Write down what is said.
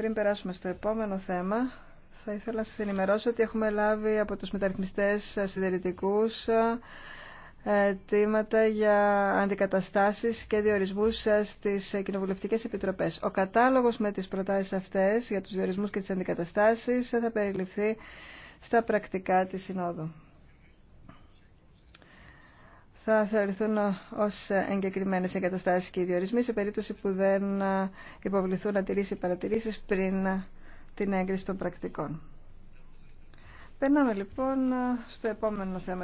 Πριν περάσουμε στο επόμενο θέμα, θα ήθελα να σας ενημερώσω ότι έχουμε λάβει από τους μεταρρυθμιστές συντηρητικούς ε, αιτήματα για αντικαταστάσεις και διορισμούς ε, στις κοινοβουλευτικές επιτροπές. Ο κατάλογος με τις προτάσεις αυτές για τους διορισμούς και τις αντικαταστάσεις θα περιληφθεί στα πρακτικά της Συνόδου θα θεωρηθούν ως εγκεκριμένες εγκαταστάσεις και ιδιορισμοί σε περίπτωση που δεν υποβληθούν να τηρήσει παρατηρήσεις πριν την έγκριση των πρακτικών. Περνάμε λοιπόν στο επόμενο θέμα.